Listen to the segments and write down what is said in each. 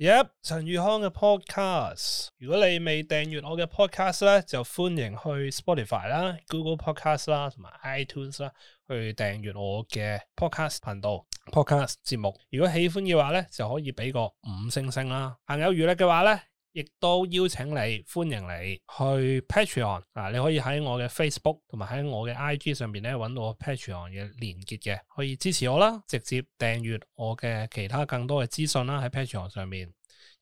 Yep, 陳宇康嘅 podcast，如果你未訂閱我嘅 podcast 咧，就歡迎去 Spotify 啦、Google Podcast 啦、同埋 iTunes 啦，去訂閱我嘅 podcast 頻道、podcast 節目。如果喜歡嘅話咧，就可以俾個五星星啦。行有餘力嘅話咧。亦都邀請你，歡迎你去 Patreon 啊！你可以喺我嘅 Facebook 同埋喺我嘅 IG 上面咧揾到 Patreon 嘅連結嘅，可以支持我啦，直接訂閱我嘅其他更多嘅資訊啦、啊、喺 Patreon 上面，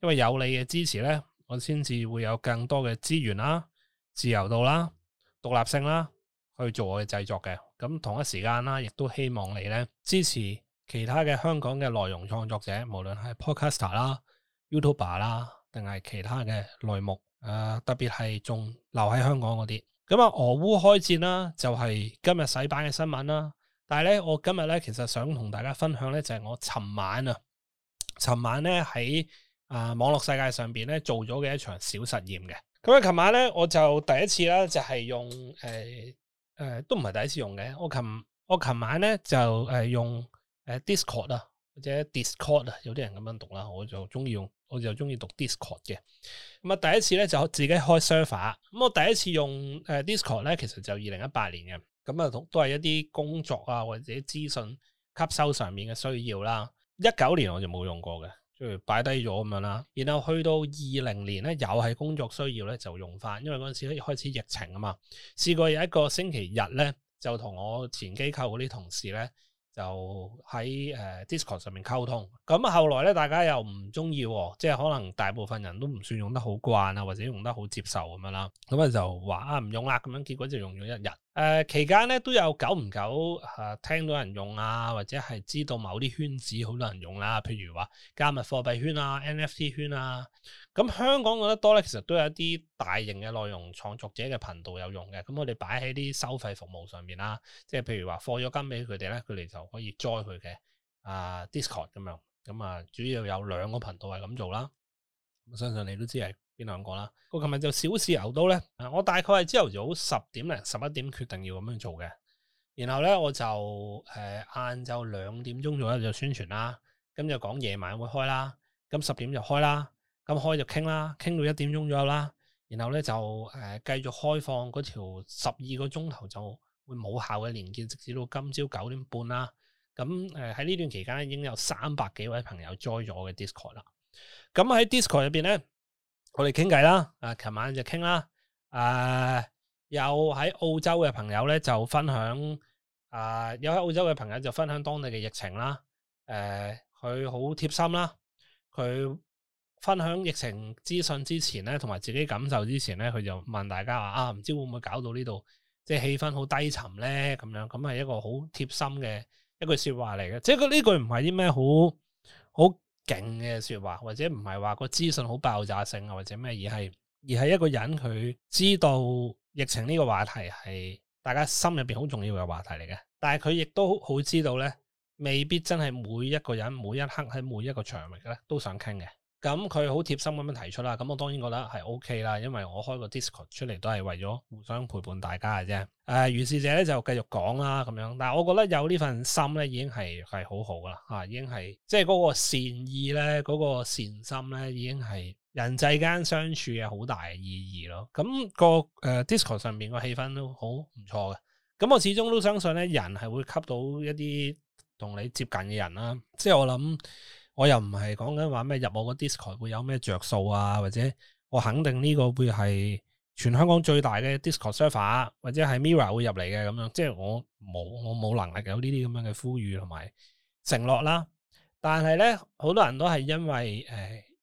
因為有你嘅支持咧，我先至會有更多嘅資源啦、啊、自由度啦、啊、獨立性啦、啊，去做我嘅製作嘅。咁同一時間啦，亦都希望你咧支持其他嘅香港嘅內容創作者，無論係 Podcaster 啦、YouTuber 啦。定係其他嘅欄目，誒、呃，特別係仲留喺香港嗰啲。咁啊，俄烏開戰啦，就係今日洗版嘅新聞啦。但係咧，我今日咧其實想同大家分享咧，就係我尋晚啊，尋晚咧喺啊網絡世界上邊咧做咗嘅一場小實驗嘅。咁啊，尋晚咧我就第一次啦，就係用誒誒，都唔係第一次用嘅。我尋我尋晚咧就係用誒、呃、Discord 啊，或者 Discord 啊，有啲人咁樣讀啦，我就中意用。我就中意讀 Discord 嘅，咁、嗯、啊第一次呢，就自己開 server，嗯、我第一次用 Discord 呢，其實就二零、嗯、一八年嘅。咁啊都都係一啲工作啊或者資訊吸收上面嘅需要啦。一九年我就冇用過嘅，即係擺低咗咁樣啦。然後去到二零年呢，又係工作需要呢，就用翻，因為嗰陣時開始疫情啊嘛。試過有一個星期日呢，就同我前機構嗰啲同事呢，就喺、呃、Discord 上面溝通，咁後來大家又唔鍾意，即係可能大部分人都唔算用得好慣啊，或者用得好接受咁樣啦，咁啊就話啊唔用啦咁樣，結果就用咗一日。誒、呃、期間咧都有久唔久嚇、啊、聽到人用啊，或者係知道某啲圈子好多人用啦、啊，譬如話加密貨幣圈啊、NFT 圈啊。咁、嗯、香港用得多咧，其實都有一啲大型嘅內容創作者嘅頻道有用嘅，咁、嗯、我哋擺喺啲收費服務上面啦、啊，即係譬如話課咗金俾佢哋咧，佢哋就可以 join 佢嘅啊 Discord 咁樣，咁、嗯、啊主要有兩個頻道係咁做啦。我相信你都知係邊兩個啦。我琴日就小試牛刀咧，我大概係朝頭早十點零十一點決定要咁樣做嘅，然後呢，我就誒晏晝兩點鐘左右就宣傳啦，咁就講夜晚會開啦，咁十點就開啦，咁開就傾啦，傾到一點鐘左右啦，然後呢，就誒、呃、繼續開放嗰條十二個鐘頭就會冇效嘅連結，直至到今朝九點半啦。咁誒喺呢段期間已經有三百幾位朋友 join 咗我嘅 Discord 啦。咁喺 Discord 入邊咧，我哋傾偈啦。啊，琴晚就傾啦。誒、啊，有喺澳洲嘅朋友咧，就分享。誒、啊，有喺澳洲嘅朋友就分享當地嘅疫情啦。誒、啊，佢好貼心啦。佢分享疫情資訊之前咧，同埋自己感受之前咧，佢就問大家話：啊，唔知會唔會搞到呢度？即係氣氛好低沉咧，咁樣咁係一個好貼心嘅一句說話嚟嘅。即係呢句唔係啲咩好好勁嘅說話，或者唔係話個資訊好爆炸性啊，或者咩，而係而係一個人佢知道疫情呢個話題係大家心入邊好重要嘅話題嚟嘅，但係佢亦都好，好知道咧，未必真係每一個人、每一刻喺每一個場域咧都想傾嘅。咁佢好貼心咁樣提出啦，咁我當然覺得係 OK 啦，因為我開個 Discord 出嚟都係為咗互相陪伴大家嘅啫。誒、呃，於是者咧就繼續講啦，咁樣，但係我覺得有呢份心咧，已經係係好好噶啦，吓、啊，已經係即係嗰個善意咧，嗰、那個善心咧，已經係人際間相處嘅好大嘅意義咯。咁、那個誒、呃、Discord 上面個氣氛都好唔錯嘅。咁我始終都相信咧，人係會吸到一啲同你接近嘅人啦。即係我諗。我又唔係講緊話咩入我個 Discord 會有咩着數啊，或者我肯定呢個會係全香港最大嘅 Discord server，或者係 Mirror 會入嚟嘅咁樣，即係我冇我冇能力有呢啲咁樣嘅呼籲同埋承諾啦。但係呢，好多人都係因為誒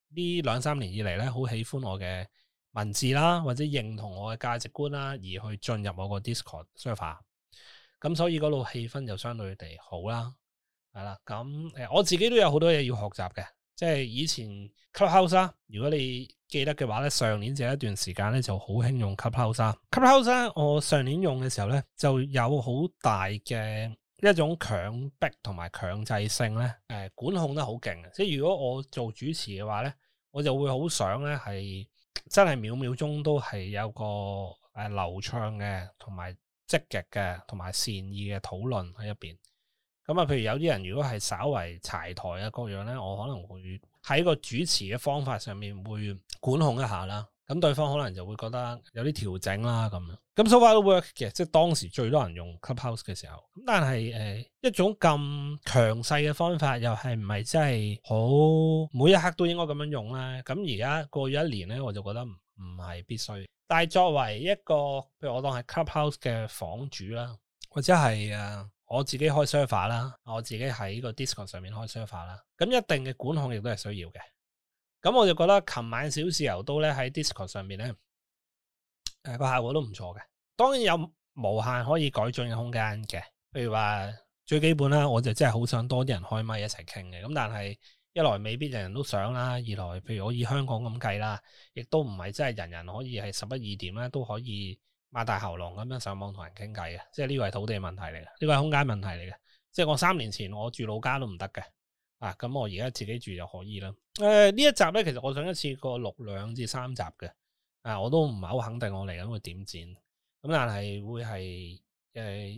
呢、呃、兩三年以嚟呢好喜歡我嘅文字啦，或者認同我嘅價值觀啦，而去進入我個 Discord server，咁所以嗰度氣氛就相對地好啦。係啦，咁誒、嗯、我自己都有好多嘢要學習嘅，即係以前 Clubhouse 啦。如果你記得嘅話咧，上年就有一段時間咧就好興用 Clubhouse。Clubhouse 我上年用嘅時候咧，就有好大嘅一種強迫同埋強制性咧，誒、呃、管控得好勁嘅。即係如果我做主持嘅話咧，我就會好想咧係真係秒秒鐘都係有個誒流暢嘅同埋積極嘅同埋善意嘅討論喺入邊。咁啊，譬如有啲人如果係稍為柴台啊各樣咧，我可能會喺個主持嘅方法上面會管控一下啦。咁對方可能就會覺得有啲調整啦咁樣。咁 so far work 嘅，即係當時最多人用 clubhouse 嘅時候。咁但係誒、呃、一種咁強勢嘅方法，又係唔係真係好每一刻都應該咁樣用咧？咁而家過咗一年咧，我就覺得唔係必須。但係作為一個，譬如我當係 clubhouse 嘅房主啦，或者係啊。呃我自己開 server 啦，我自己喺個 Discord 上面開 server 啦。咁一定嘅管控亦都係需要嘅。咁我就覺得琴晚小豉油都咧喺 Discord 上面呢，個、呃、效果都唔錯嘅。當然有無限可以改進嘅空間嘅。譬如話最基本啦，我就真係好想多啲人開麥一齊傾嘅。咁但係一來未必人人都想啦，二來譬如我以香港咁計啦，亦都唔係真係人人可以係十一二點啦都可以。擘大喉嚨咁樣上網同人傾偈嘅，即係呢個係土地問題嚟嘅，呢個係空間問題嚟嘅。即係我三年前我住老家都唔得嘅，啊咁我而家自己住就可以啦。誒呢、呃、一集咧，其實我想一次個六兩至三集嘅，啊我都唔係好肯定我嚟緊會點剪。咁、啊、但係會係誒、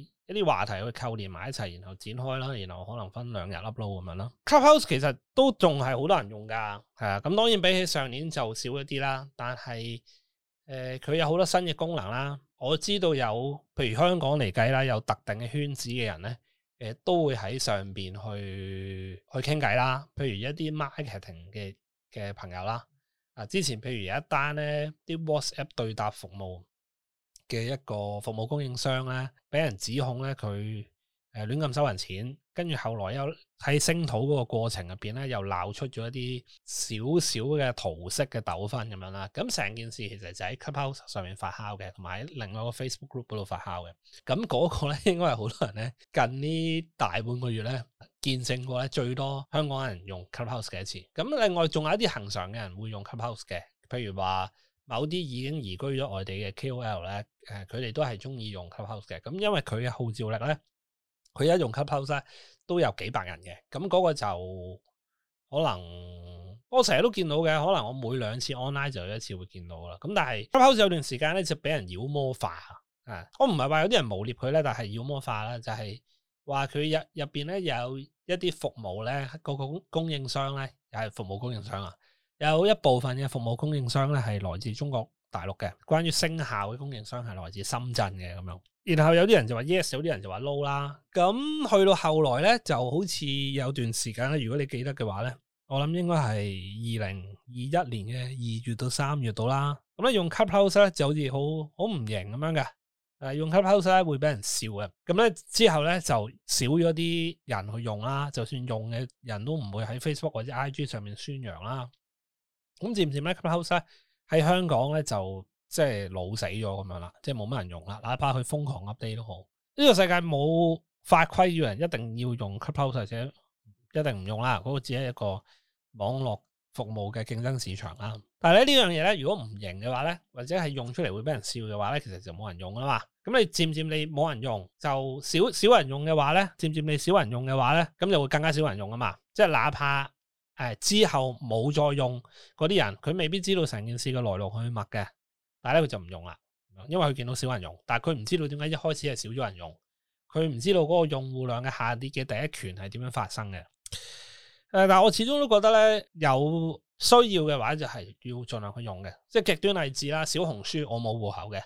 啊、一啲話題去構連埋一齊，然後展開啦，然後可能分兩日粒 p l 咁樣咯。Clubhouse 其實都仲係好多人用㗎，係啊，咁當然比起上年就少一啲啦，但係。誒佢、呃、有好多新嘅功能啦，我知道有，譬如香港嚟計啦，有特定嘅圈子嘅人咧，誒、呃、都會喺上邊去去傾偈啦。譬如一啲 marketing 嘅嘅朋友啦，啊之前譬如有一單咧，啲 WhatsApp 對答服務嘅一個服務供應商咧，俾人指控咧佢。誒亂咁收人錢，跟住後來又喺聲討嗰個過程入邊咧，又鬧出咗一啲小小嘅桃色嘅糾紛咁樣啦。咁成件事其實就喺 Clubhouse 上面發酵嘅，同埋喺另外一個 Facebook Group 嗰度發酵嘅。咁、那、嗰個咧應該係好多人咧近呢大半個月咧見證過咧最多香港人用 Clubhouse 嘅一次。咁另外仲有一啲恒常嘅人會用 Clubhouse 嘅，譬如話某啲已經移居咗外地嘅 KOL 咧、呃，誒佢哋都係中意用 Clubhouse 嘅。咁因為佢嘅號召力咧。佢一用 Clubhouse 都有幾百人嘅，咁、那、嗰個就可能我成日都見到嘅，可能我每兩次 online 就有一次會見到啦。咁但係 Clubhouse 有段時間咧就俾人妖魔化，是我唔係話有啲人貪劣佢咧，但係妖魔化啦，就係話佢入入邊有一啲服務咧個供供應商呢，又係服務供應商啊，有一部分嘅服務供應商咧係來自中國。大陸嘅，關於聲效嘅供應商係來自深圳嘅咁樣。然後有啲人就話 yes，有啲人就話 low 啦。咁去到後來咧，就好似有段時間咧，如果你記得嘅話咧，我諗應該係二零二一年嘅二月到三月度啦。咁咧用 Clubhouse 咧就好似好好唔型咁樣嘅。誒用 Clubhouse 咧會俾人笑嘅。咁咧之後咧就少咗啲人去用啦。就算用嘅人都唔會喺 Facebook 或者 IG 上面宣揚啦。咁漸漸咧 Clubhouse。喺香港咧就即係老死咗咁樣啦，即係冇乜人用啦，哪怕佢瘋狂 update 都好，呢、這個世界冇法規要人一定要用 Clubhouse 或者一定唔用啦，嗰、那個只係一個網絡服務嘅競爭市場啦。但係咧呢樣嘢咧，如果唔型嘅話咧，或者係用出嚟會俾人笑嘅話咧，其實就冇人用啊嘛。咁你漸漸你冇人用，就少少人用嘅話咧，漸漸你少人用嘅話咧，咁就會更加少人用啊嘛。即係哪怕。誒，之後冇再用嗰啲人，佢未必知道成件事嘅來龍去脈嘅，但係咧佢就唔用啦，因為佢見到少人用，但係佢唔知道點解一開始係少咗人用，佢唔知道嗰個用戶量嘅下跌嘅第一拳係點樣發生嘅。誒、呃，但係我始終都覺得咧，有需要嘅話就係要盡量去用嘅，即係極端例子啦。小紅書我冇戶口嘅，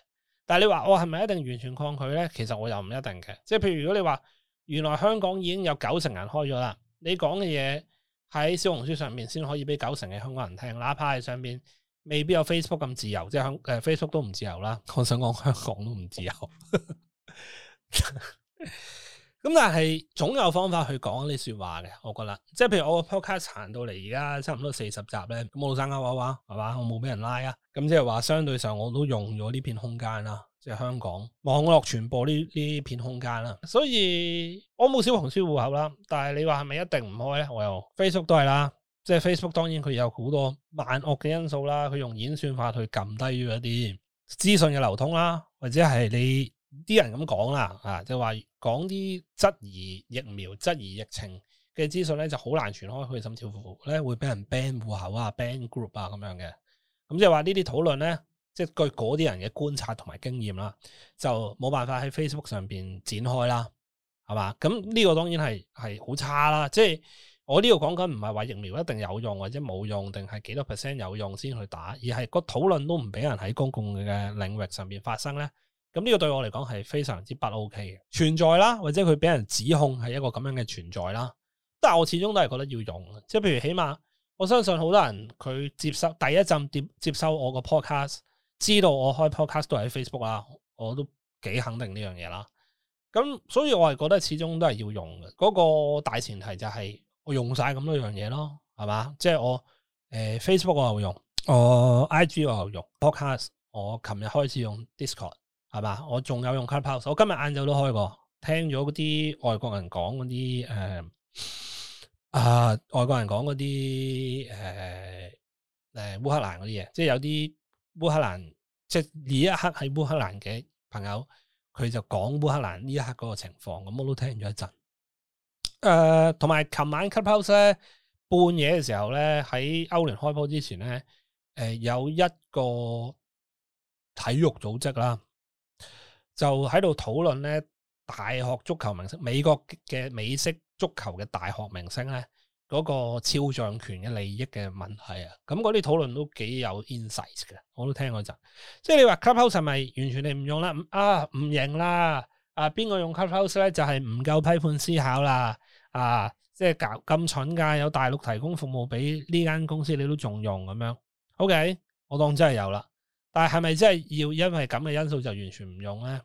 但係你話我係咪一定完全抗拒咧？其實我又唔一定嘅。即係譬如如果你話原來香港已經有九成人開咗啦，你講嘅嘢。喺小紅書上面先可以俾九成嘅香港人聽，哪怕喺上面未必有 Facebook 咁自由，即係香，誒 Facebook 都唔自由啦。 我想講香港都唔自由。咁 但係總有方法去講呢啲說這些話嘅，我覺得，即係譬如我個 podcast 長到嚟而家差唔多四十集咧，咁我生勾勾話，係嘛，我冇俾人拉啊，咁即係話相對上我都用咗呢片空間啦。即係香港網絡傳播呢呢片空間啦，所以我冇小紅書戶口啦，但係你話係咪一定唔開咧？我又 Facebook 都係啦，即係 Facebook 當然佢有好多萬惡嘅因素啦，佢用演算法去撳低咗一啲資訊嘅流通啦，或者係你啲人咁講啦，啊就話講啲質疑疫苗、質疑疫情嘅資訊咧，就好難傳開去，甚至乎咧會俾人 ban 戶口啊、ban group 啊咁樣嘅，咁、嗯、即係話呢啲討論咧。即係據嗰啲人嘅觀察同埋經驗啦，就冇辦法喺 Facebook 上邊展開啦，係嘛？咁呢個當然係係好差啦。即係我呢度講緊唔係話疫苗一定有用或者冇用，定係幾多 percent 有用先去打，而係個討論都唔俾人喺公共嘅領域上面發生咧。咁呢個對我嚟講係非常之不 OK 嘅存在啦，或者佢俾人指控係一個咁樣嘅存在啦。但係我始終都係覺得要用，即係譬如起碼我相信好多人，佢接受第一陣接接收我個 podcast。知道我開 podcast 都係喺 Facebook 啦，我都幾肯定呢樣嘢啦。咁所以我係覺得始終都係要用嘅。嗰、那個大前提就係我用晒咁多樣嘢咯，係嘛？即係我誒、呃、Facebook 我又用，我 IG 我又用，podcast 我琴日開始用 Discord，係嘛？我仲有用 Clubhouse 我今日晏晝都開過，聽咗嗰啲外國人講嗰啲誒，啊、呃呃、外國人講嗰啲誒誒烏克蘭嗰啲嘢，即係有啲。烏克蘭即係呢一刻喺烏克蘭嘅朋友，佢就講烏克蘭呢一刻嗰個情況，咁我都聽咗一陣。誒、呃，同埋琴晚 Clubhouse 咧，半夜嘅時候咧，喺歐聯開波之前咧，誒、呃、有一個體育組織啦，就喺度討論咧大學足球明星，美國嘅美式足球嘅大學明星咧。嗰個超像權嘅利益嘅問題啊，咁嗰啲討論都幾有 insight 嘅，我都聽過陣。即係你話 Clubhouse 係咪完全你唔用啦？啊唔認啦？啊邊個用 Clubhouse 咧？就係、是、唔夠批判思考啦？啊即係搞咁蠢㗎？有大陸提供服務俾呢間公司，你都仲用咁樣？OK，我當真係有啦。但係係咪真係要因為咁嘅因素就完全唔用咧？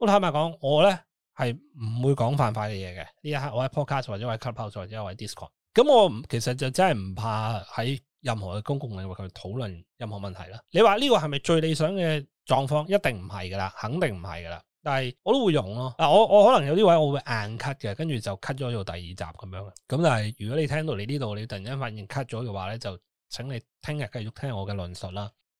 好坦白講，我咧係唔會講犯法嘅嘢嘅。呢一刻我喺 Podcast 或，或者我喺 Clubhouse 或者我喺 Discord。咁我其實就真係唔怕喺任何嘅公共領域去討論任何問題啦。你話呢個係咪最理想嘅狀況？一定唔係噶啦，肯定唔係噶啦。但係我都會用咯。嗱，我我可能有啲位我會硬 cut 嘅，跟住就 cut 咗做第二集咁樣嘅。咁但係如果你聽到你呢度你突然間發現 cut 咗嘅話呢，就請你聽日繼續聽我嘅論述啦。